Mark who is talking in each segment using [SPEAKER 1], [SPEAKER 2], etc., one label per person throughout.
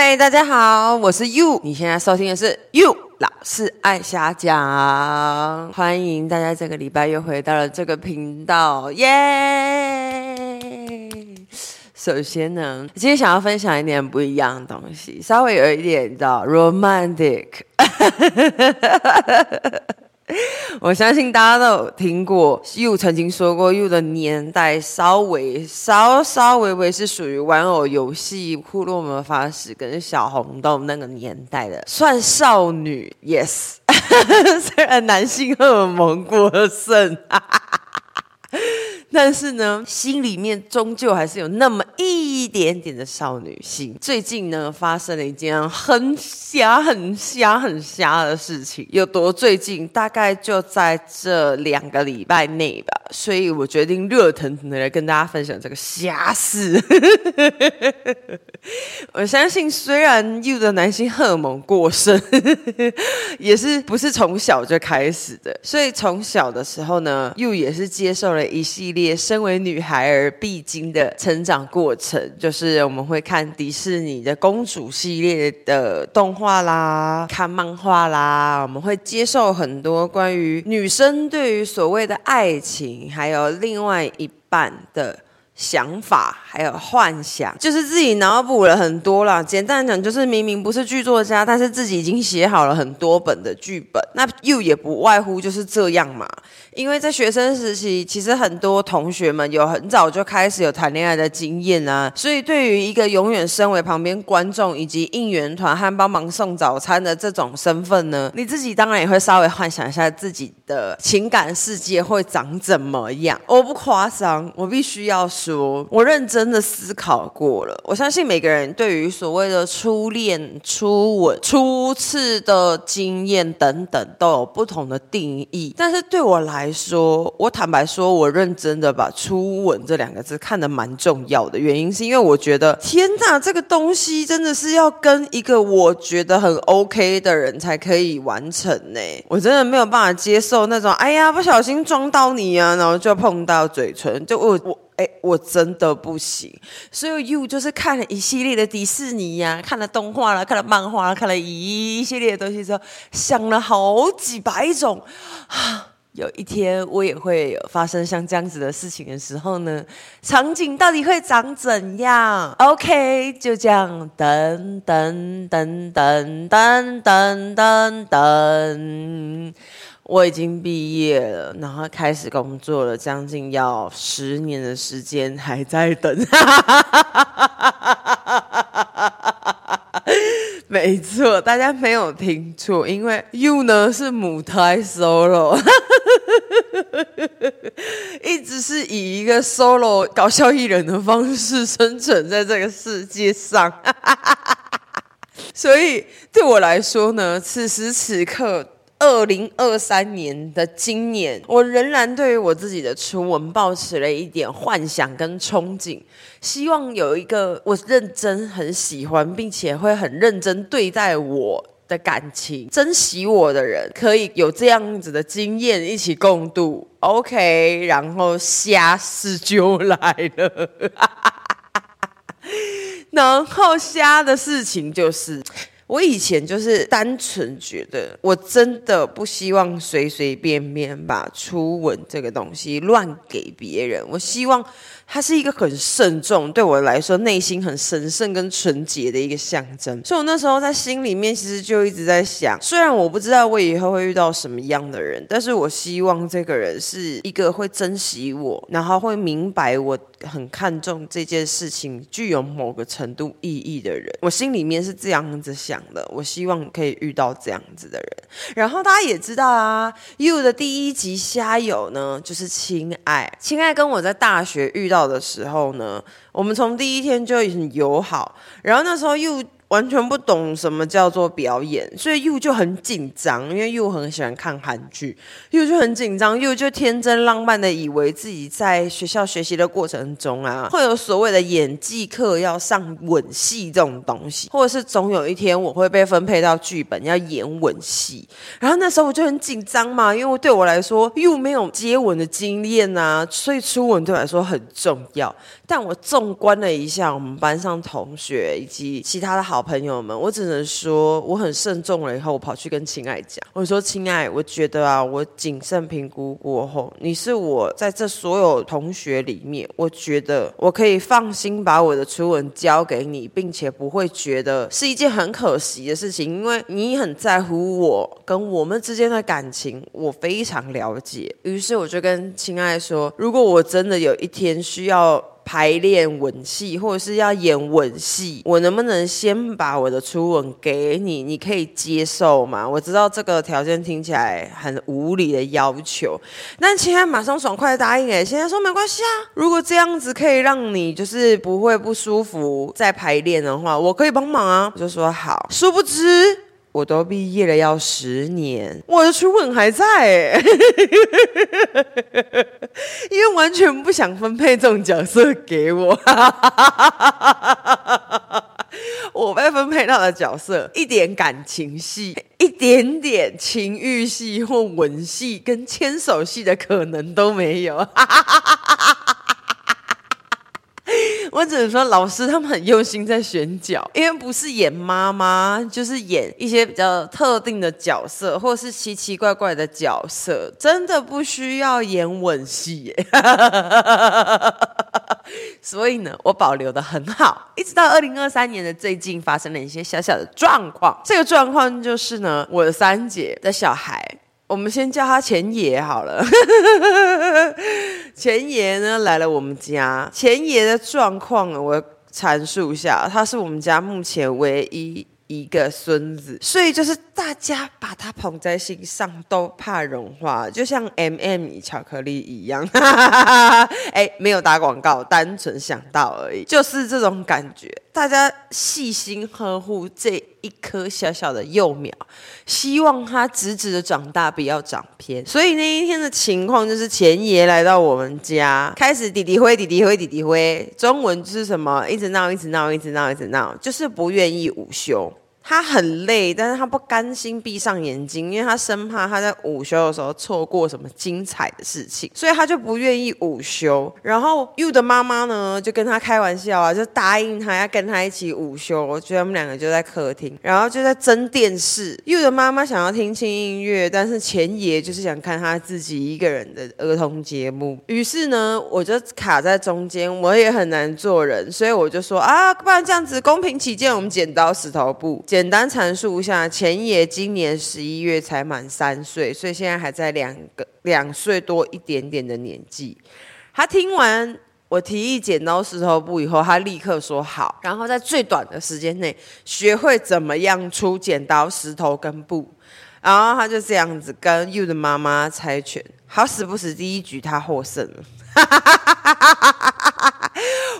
[SPEAKER 1] 嗨，hey, 大家好，我是 Yu，你現在收聽的是 Yu 老是愛瞎講，歡迎大家這個禮拜又回到了這個頻道，耶、yeah!！首先呢，今天想要分享一點不一樣的東西，稍微有一點的 romantic。你知道 Rom 我相信大家都有聽過，Yu 曾經說過，Yu 的年代稍微稍稍微微是屬於玩偶遊戲，庫洛魔法使跟小紅豆那個年代的，算少女。Yes， 雖然男性荷爾蒙過剩。但是呢，心裡面終究還是有那麼一點點的少女心。最近呢，發生了一件很瞎、很瞎、很瞎的事情。有多最近，大概就在這兩個禮拜內吧。所以我決定熱騰騰的來跟大家分享這個瞎事。 我相信，雖然 Yu 的男性荷爾蒙過剩，也是不是從小就開始的，所以從小的時候呢，Yu 也是接受了一系列。也身為女孩而必經的成長過程，就是我們會看迪士尼的公主系列的動畫啦，看漫畫啦，我們會接受很多關於女生對於所謂的愛情，還有另外一半的。想法還有幻想，就是自己腦補了很多啦。簡單講，就是明明不是劇作家，但是自己已經寫好了很多本的劇本。那 Yu 也不外乎就是這樣嘛。因為在學生時期，其實很多同學們有很早就開始有談戀愛的經驗啊，所以對於一個永遠身為旁邊觀眾以及應援團和幫忙送早餐的這種身份呢，你自己當然也會稍微幻想一下自己的情感世界會長怎麼樣。我不誇張，我必須要說。我認真的思考過了，我相信每個人對於所謂的初戀、初吻、初次的經驗等等都有不同的定義。但是對我來說，我坦白說，我認真的把“初吻”這兩個字看得蠻重要的原因，是因為我覺得，天哪，這個東西真的是要跟一個我覺得很 OK 的人才可以完成呢、欸。我真的沒有辦法接受那種，哎呀，不小心撞到你啊，然後就碰到嘴唇，就我我。欸，我真的不行。所以，you 就是看了一系列的迪士尼呀、啊，看了動畫了、啊，看了漫畫了、啊，看了一系列的東西之後，想了好幾百種。啊，有一天我也會有發生像這樣子的事情的時候呢，場景到底會長怎樣？OK，就這樣，等等等等等等等。我已經畢業了，然後開始工作了，將近要十年的時間還在等。哈哈哈哈哈哈哈哈哈哈哈哈哈哈哈，沒錯，大家沒有聽錯，因為 Yu 呢，是母胎 solo，哈哈 哈哈哈哈，一直是以一個 solo 搞笑藝人的方式生存在這個世界上。哈哈哈哈哈，所以對我來說呢，此時此刻，二零二三年的今年，我仍然對於我自己的初吻抱持了一點幻想跟憧憬，希望有一個我認真很喜歡，並且會很認真對待我的感情、珍惜我的人，可以有這樣子的經驗一起共度。OK，然後蝦事就來了， 然後蝦的事情就是。我以前就是單純覺得，我真的不希望隨隨便便把初吻這個東西亂給別人。我希望他是一個很慎重，對我來說內心很神聖跟純潔的一個象徵。所以，我那時候在心裡面其實就一直在想，雖然我不知道我以後會遇到什麼樣的人，但是我希望這個人是一個會珍惜我，然後會明白我很看重這件事情具有某個程度意義的人。我心裡面是這樣子想。我希望可以遇到這樣子的人。然後大家也知道啊，Yu 的第一集蝦友呢，就是親愛，親愛跟我在大學遇到的時候呢，我們從第一天就已經友好。然後那時候又。完全不懂什麼叫做表演，所以 Yu 就很緊張，因為 Yu 很喜歡看韓劇，Yu 就很緊張，Yu 就天真浪漫的以為自己在學校學習的過程中啊，會有所謂的演技課要上吻戲這種東西，或者是總有一天我會被分配到劇本要演吻戲。然後那時候我就很緊張嘛，因為對我來說 Yu 沒有接吻的經驗啊，所以初吻對我來說很重要。但我縱觀了一下我們班上同學以及其他的好。朋友們，我只能說我很慎重了。以後我跑去跟親愛講，我說：“親愛，我覺得啊，我謹慎評估過後，你是我在這所有同學裡面，我覺得我可以放心把我的初吻交給你，並且不會覺得是一件很可惜的事情，因為你很在乎我跟我們之間的感情，我非常了解。於是我就跟親愛說，如果我真的有一天需要。”排練吻戲，或者是要演吻戲，我能不能先把我的初吻給你？你可以接受嗎？我知道這個條件聽起來很無理的要求，但秦海馬上爽快地答應、欸。哎，現在說沒關係啊，如果這樣子可以讓你就是不會不舒服，在排練的話，我可以幫忙啊。我就說好，殊不知。我都畢業了要十年，我的初吻還在，欸， 因為完全不想分配這種角色給我。 我被分配到的角色，一點感情戲、一點點情欲戲或吻戲、跟牽手戲的可能都沒有。 我只能說，老師他們很用心在選角，因為不是演媽媽，就是演一些比較特定的角色，或是奇奇怪怪的角色，真的不需要演吻戲耶。 所以呢，我保留得很好，一直到二零二三年的最近發生了一些小小的狀況。這個狀況就是呢，我的三姐的小孩。我們先叫他前爺好了， 前爺呢，來了我們家。前爺的狀況我闡述一下，他是我們家目前唯一一個孫子，所以就是大家把他捧在心上，都怕融化，就像 MM 巧克力一樣。哎， 沒有打廣告，單純想到而已，就是這種感覺。大家細心呵護這一棵小小的幼苗，希望它直直的長大，不要長偏。所以那一天的情況就是，前爺來到我們家，開始滴滴灰、滴滴灰、滴滴灰，中文就是什麼，一直鬧，一直鬧，一直鬧，一直鬧，就是不願意午休。他很累，但是他不甘心閉上眼睛，因為他生怕他在午休的時候錯過什麼精彩的事情，所以他就不願意午休。然後 Yu 的媽媽呢，就跟他開玩笑啊，就答應他要跟他一起午休。就他們兩個就在客廳，然後就在爭電視。Yu 的媽媽想要聽輕音樂，但是前爺就是想看他自己一個人的兒童節目。於是呢，我就卡在中間，我也很難做人，所以我就說啊，不然這樣子公平起見，我們剪刀石頭布。簡單闡述一下，錢爺今年十一月才滿三歲，所以現在還在兩個兩歲多一點點的年紀。他聽完我提議剪刀石頭布以後，他立刻說好，然後在最短的時間內學會怎麼樣出剪刀石頭跟布，然後他就這樣子跟 you 的媽媽猜拳，好死不死第一局他獲勝了。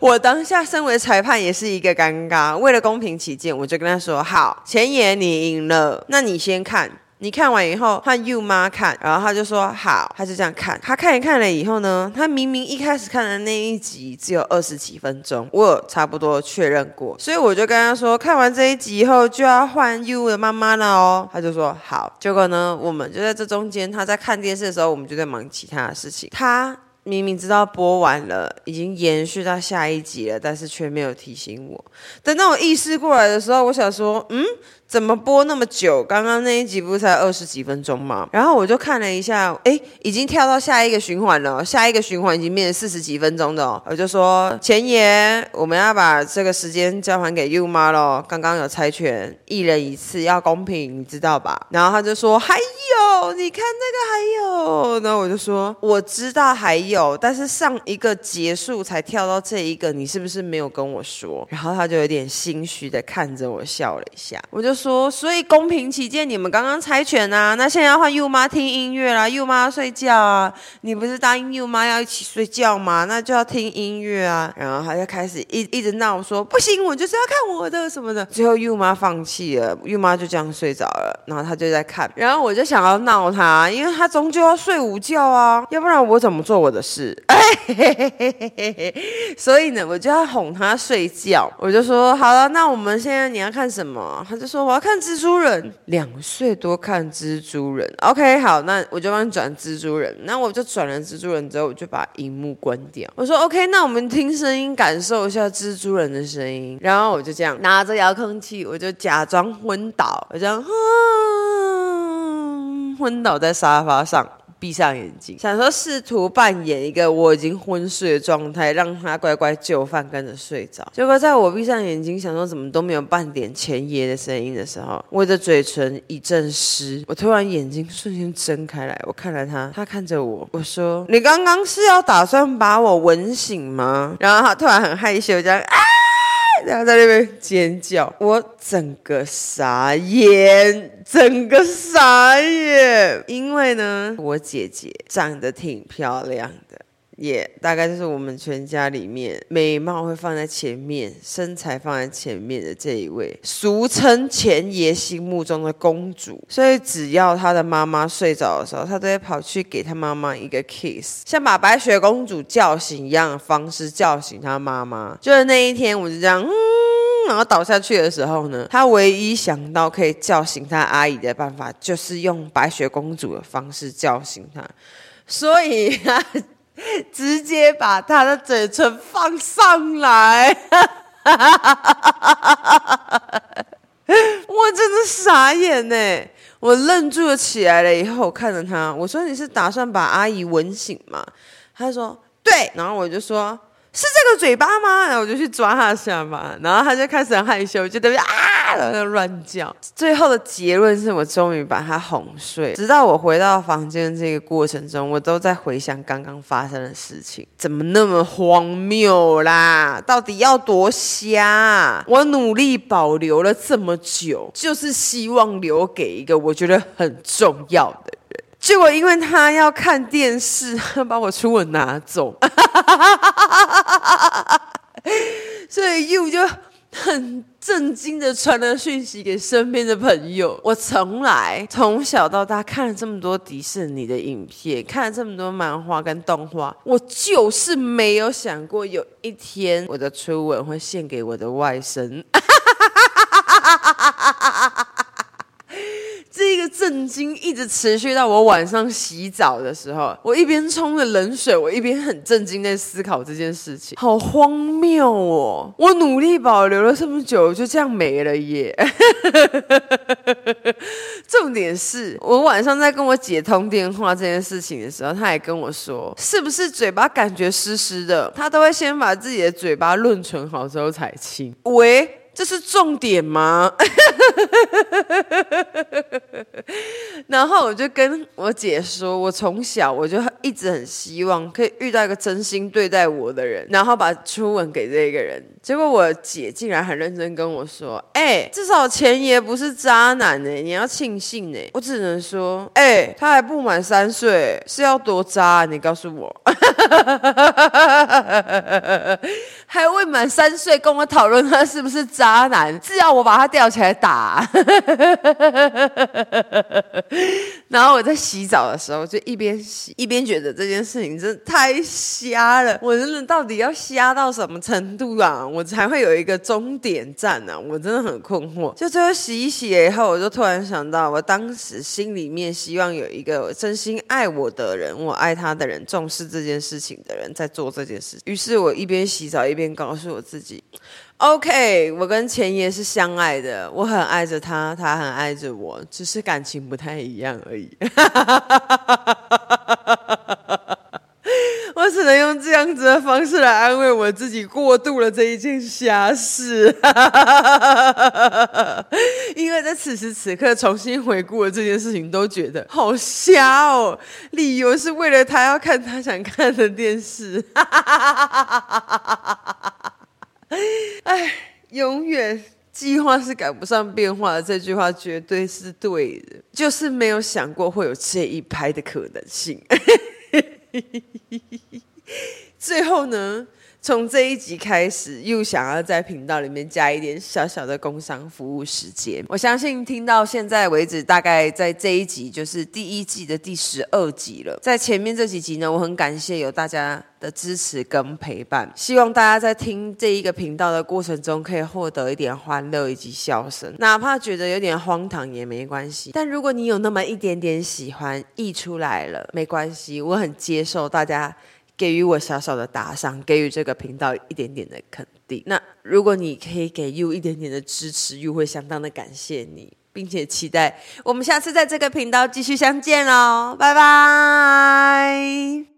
[SPEAKER 1] 我當下身為裁判也是一個尷尬，為了公平起見，我就跟他說：“好，前爺你贏了，那你先看，你看完以後換 you 媽看。”然後他就說：“好。”他就這樣看，他看一看了以後呢，他明明一開始看的那一集只有二十幾分鐘，我差不多確認過，所以我就跟他說：“看完這一集以後就要換 you 的媽媽了哦。”他就說：“好。”結果呢，我們就在這中間，他在看電視的時候，我們就在忙其他的事情。他。明明知道播完了，已經延續到下一集了，但是卻沒有提醒我。等到我意識過來的時候，我想說：“嗯，怎麼播那麼久？剛剛那一集不是才二十幾分鐘嗎？”然後我就看了一下，哎，已經跳到下一個循環了。下一個循環已經變成四十幾分鐘的。我就說：“前爺，我們要把這個時間交還給 Yu 媽咯，剛剛有猜拳，一人一次，要公平，你知道吧？”然後他就說：“嗨。”哦，你看那個還有，然後我就說我知道還有，但是上一個結束才跳到這一個，你是不是沒有跟我說？然後他就有點心虛的看着我笑了一下，我就說，所以公平起見，你們剛剛猜拳啊，那現在要換 Yu 媽聽音樂啦，Yu 媽要睡覺啊，你不是答應 Yu 媽要一起睡覺嗎？那就要聽音樂啊，然後他就開始一一直鬧說不行，我就是要看我的什麼的，最後 Yu 媽放棄了，Yu 媽就這樣睡着了，然後他就在看，然後我就想。要鬧他，因為他終究要睡午覺啊，要不然我怎麼做我的事？哎、所以呢，我就要哄他睡覺。我就說好了，那我們現在你要看什麼？他就說我要看蜘蛛人。兩歲多看蜘蛛人，OK，好，那我就幫你轉蜘蛛人。那我就轉了蜘蛛人之後，我就把熒幕關掉。我說 OK，那我們聽聲音，感受一下蜘蛛人的聲音。然後我就這樣拿着遙控器，我就假裝昏倒，我這樣啊。哼昏倒在沙發上，閉上眼睛，想說試圖扮演一個我已經昏睡的狀態，讓他乖乖就範，跟着睡着。結果在我閉上眼睛，想說怎麼都沒有半點前爺的聲音的時候，我的嘴唇一陣濕，我突然眼睛瞬間睜開來，我看了他，他看着我，我說：“你剛剛是要打算把我吻醒嗎？”然後他突然很害羞，就、啊。然後在那邊尖叫，我整個傻眼，整個傻眼，因為呢，我姐姐長得挺漂亮的。也、yeah, 大概就是我們全家裡面，美貌會放在前面，身材放在前面的這一位，俗稱前爺心目中的公主。所以只要他的媽媽睡着的時候，他都會跑去給他媽媽一個 kiss，像把白雪公主叫醒一樣的方式叫醒他媽媽。就是那一天，我就這樣、嗯，然後倒下去的時候呢，他唯一想到可以叫醒他阿姨的辦法，就是用白雪公主的方式叫醒他。所以他。 直接把他的嘴唇放上來， 我真的傻眼呢，我愣住了，起來了以後我看着他，我說，你是打算把阿姨吻醒嗎？他說對，然後我就說是這個嘴巴嗎？然後我就去抓他下巴，然後他就開始很害羞，就特別啊。在亂叫，最後的結論是我終於把他哄睡。直到我回到房間這個過程中，我都在回想剛剛發生的事情，怎麼那麼荒謬啦？到底要多瞎？我努力保留了這麼久，就是希望留給一個我覺得很重要的人。結果因為他要看電視，他把我初吻拿走，所以又就。很震驚的傳了訊息給身邊的朋友。我從來從小到大看了這麼多迪士尼的影片，看了這麼多漫畫跟動畫，我就是沒有想過有一天我的初吻會獻給我的外甥。 震驚一直持續到我晚上洗澡的時候，我一邊沖着冷水，我一邊很震驚在思考這件事情，好荒謬哦！我努力保留了這麼久，就這樣沒了耶。 重點是，我晚上在跟我姐通電話這件事情的時候，她也跟我說，是不是嘴巴感覺濕濕的，她都會先把自己的嘴巴潤唇好之後才親。喂，這是重點嗎？ 然後我就跟我姐說，我從小我就一直很希望可以遇到一個真心對待我的人，然後把初吻給這個人。結果我姐竟然很認真跟我說：“欸，至少錢爺不是渣男欸，你要慶幸欸。」我只能說：“欸，他還不滿三歲，是要多渣啊？你告訴我， 還未滿三歲跟我討論他是不是渣男，只要我把他吊起來打。 」然後我在洗澡的時候就一邊洗一邊覺這件事情真的太瞎了！我真的到底要瞎到什麼程度啊？我才會有一個終點站呢？啊？我真的很困惑。就最後洗一洗以後，我就突然想到，我當時心裡面希望有一個真心愛我的人，我愛他的人，重視這件事情的人，在做這件事。於是，我一邊洗澡一邊告訴我自己：“OK，我跟前爺是相愛的，我很愛着他，他很愛着我，只是感情不太一樣而已。 ”能用這樣子的方式來安慰我自己，過度了這一件瞎事。 因為在此時此刻重新回顧了這件事情，都覺得好瞎哦、喔。理由是為了他要看他想看的電視。哎， 永遠計劃是趕不上變化的這句話絕對是對的，就是沒有想過會有這一拍的可能性。 最後呢，從這一集開始，又想要在頻道裡面加一點小小的工商服務時間。我相信聽到現在為止，大概在這一集就是第一季的第十二集了。在前面這幾集呢，我很感謝有大家的支持跟陪伴。希望大家在聽這一個頻道的過程中，可以獲得一點歡樂以及笑聲，哪怕覺得有點荒唐也沒關係。但如果你有那麼一點點喜歡溢出來了，沒關係，我很接受大家。給予我小小的打賞，給予這個頻道一點點的肯定。那如果你可以給 Yu 一點點的支持，Yu 會相當的感謝你，並且期待我們下次在這個頻道繼續相見哦，拜拜。